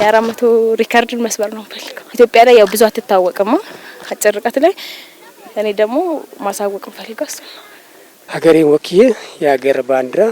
የአራት መቶ መስበር ነው ፈልገው። ኢትዮጵያ ላይ ያው ብዙ አትታወቅማ አጭር ርቀት ላይ እኔ ደግሞ ማሳወቅ ፈልገው እሱ ሀገሬን ወክዬ የሀገር ባንዲራ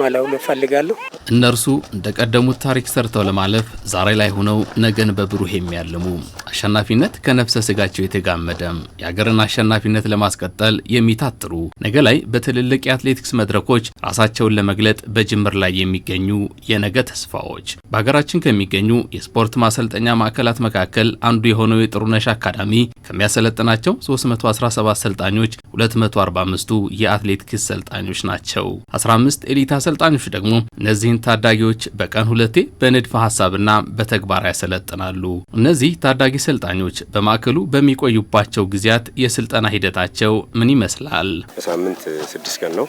ማለው እፈልጋለሁ። እነርሱ እንደቀደሙት ታሪክ ሰርተው ለማለፍ ዛሬ ላይ ሆነው ነገን በብሩህ የሚያልሙ አሸናፊነት ከነፍሰ ስጋቸው የተጋመደም የአገርን አሸናፊነት ለማስቀጠል የሚታትሩ ነገ ላይ በትልልቅ የአትሌቲክስ መድረኮች ራሳቸውን ለመግለጥ በጅምር ላይ የሚገኙ የነገ ተስፋዎች በሀገራችን ከሚገኙ የስፖርት ማሰልጠኛ ማዕከላት መካከል አንዱ የሆነው የጥሩነሽ አካዳሚ ከሚያሰለጥናቸው 317 ሰልጣኞች 245ቱ የአትሌቲክስ ሰልጣኞች ናቸው። 15 ኤሊት አሰልጣኞች ደግሞ እነዚህን ታዳጊዎች በቀን ሁለቴ በንድፈ ሀሳብና በተግባር ያሰለጥናሉ። እነዚህ ታዳጊ ሰልጣኞች በማዕከሉ በሚቆዩባቸው ጊዜያት የስልጠና ሂደታቸው ምን ይመስላል? በሳምንት ስድስት ቀን ነው።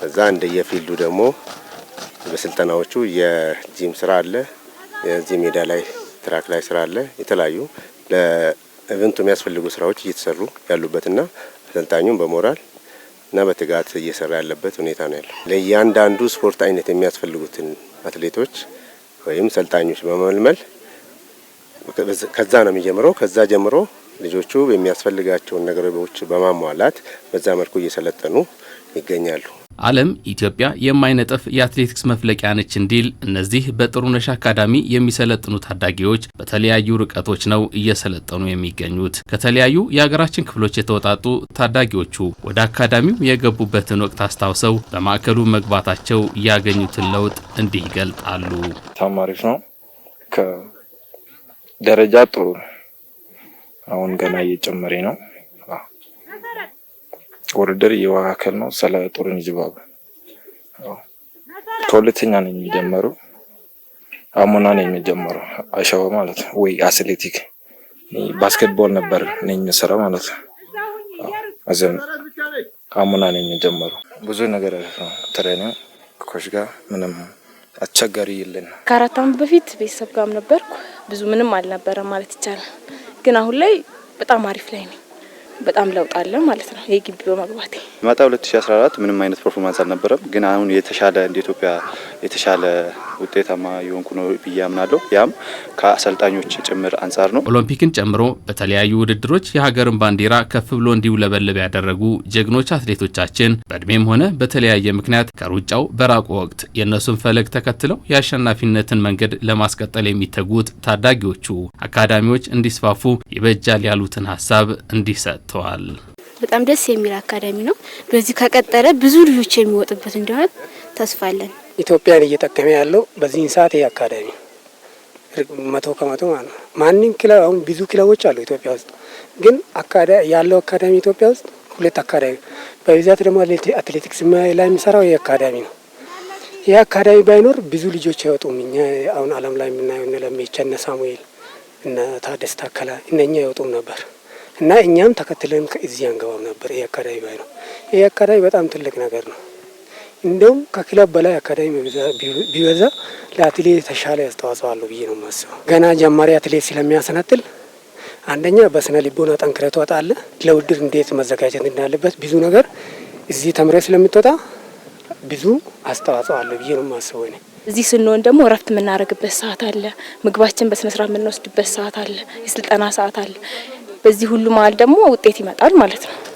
ከዛ እንደየፊልዱ ደግሞ በስልጠናዎቹ የጂም ስራ አለ፣ የዚህ ሜዳ ላይ ትራክ ላይ ስራ አለ። የተለያዩ ለኢቨንቱ የሚያስፈልጉ ስራዎች እየተሰሩ ያሉበትና አሰልጣኙም በሞራል እና በትጋት እየሰራ ያለበት ሁኔታ ነው ያለው። ለእያንዳንዱ ስፖርት አይነት የሚያስፈልጉትን አትሌቶች ወይም ሰልጣኞች በመመልመል ከዛ ነው የሚጀምረው። ከዛ ጀምሮ ልጆቹ የሚያስፈልጋቸውን ነገሮች በማሟላት በዛ መልኩ እየሰለጠኑ ይገኛሉ። ዓለም ኢትዮጵያ የማይነጥፍ የአትሌቲክስ መፍለቂያ ነች እንዲል እነዚህ በጥሩነሽ አካዳሚ የሚሰለጥኑ ታዳጊዎች በተለያዩ ርቀቶች ነው እየሰለጠኑ የሚገኙት። ከተለያዩ የሀገራችን ክፍሎች የተወጣጡ ታዳጊዎቹ ወደ አካዳሚው የገቡበትን ወቅት አስታውሰው በማዕከሉ መግባታቸው ያገኙትን ለውጥ እንዲህ ይገልጣሉ። ተማሪዎች ነው ከደረጃ ጥሩ አሁን ገና እየጨመሬ ነው ውድድር የዋህ አካል ነው። ስለ ጦርን ጅባብ ከሁለተኛ ነው የሚጀመረው። አሞና ነው የሚጀመረው። አሸዋ ማለት ወይ አትሌቲክ ባስኬትቦል ነበር ነኝ የሚሰራ ማለት ነው። አዘን አሞና ነው የሚጀመረው። ብዙ ነገር ነው ትሬኒንግ ኮች ጋር ምንም አስቸጋሪ የለን። ከአራት ዓመት በፊት ቤተሰብ ጋርም ነበርኩ። ብዙ ምንም አልነበረ ማለት ይቻላል። ግን አሁን ላይ በጣም አሪፍ ላይ ነኝ። በጣም ለውጥ አለ ማለት ነው። ይህ ግቢ በመግባቴ ማጣ 2014 ምንም አይነት ፐርፎርማንስ አልነበረም፣ ግን አሁን የተሻለ እንደ ኢትዮጵያ የተሻለ ውጤታማ የሆንኩ ነው ብዬ አምናለሁ። ያም ከአሰልጣኞች ጭምር አንጻር ነው። ኦሎምፒክን ጨምሮ በተለያዩ ውድድሮች የሀገርን ባንዲራ ከፍ ብሎ እንዲውለበለብ ያደረጉ ጀግኖች አትሌቶቻችን በእድሜም ሆነ በተለያየ ምክንያት ከሩጫው በራቁ ወቅት የእነሱን ፈለግ ተከትለው የአሸናፊነትን መንገድ ለማስቀጠል የሚተጉት ታዳጊዎቹ አካዳሚዎች እንዲስፋፉ ይበጃል ያሉትን ሀሳብ እንዲህ ሰጥተዋል። በጣም ደስ የሚል አካዳሚ ነው። በዚህ ከቀጠለ ብዙ ልጆች የሚወጡበት እንደሆነ ተስፋ አለን። ኢትዮጵያን እየጠቀመ ያለው በዚህን ሰዓት ይህ አካዳሚ መቶ ከመቶ ማለት ነው። ማንም ክለብ አሁን ብዙ ክለቦች አሉ ኢትዮጵያ ውስጥ ግን ያለው አካዳሚ ኢትዮጵያ ውስጥ ሁለት አካዳሚ በብዛት ደግሞ አትሌቲክስ ላይ የሚሰራው ይህ አካዳሚ ነው። ይህ አካዳሚ ባይኖር ብዙ ልጆች አይወጡም። እኛ አሁን አለም ላይ የምናየው እነ ላሜቻ፣ እነ ሳሙኤል፣ እነ ታደስ ታከላ እነኛ አይወጡም ነበር። እና እኛም ተከትለን እዚህ አንገባም ነበር። ይሄ አካዳሚ ነው። ይሄ አካዳሚ በጣም ትልቅ ነገር ነው። እንደውም ከክለብ በላይ አካዳሚ ቢበዛ ለአትሌት የተሻለ አስተዋጽኦ አለው ብዬ ነው የማስበው። ገና ጀማሪ አትሌት ስለሚያሰናትል አንደኛ በስነ ልቦና ጠንክረህ ትወጣለህ። ለውድድር እንዴት መዘጋጀት እንዳለበት ብዙ ነገር እዚህ ተምረህ ስለምትወጣ ብዙ አስተዋጽኦ አለው ብዬ ነው የማስበው። እኔ እዚህ ስንሆን ደግሞ እረፍት የምናደርግበት ሰዓት አለ። ምግባችን በስነስርዓት የምንወስድበት ሰዓት አለ። የስልጠና ሰዓት አለ። በዚህ ሁሉ መሀል ደግሞ ውጤት ይመጣል ማለት ነው።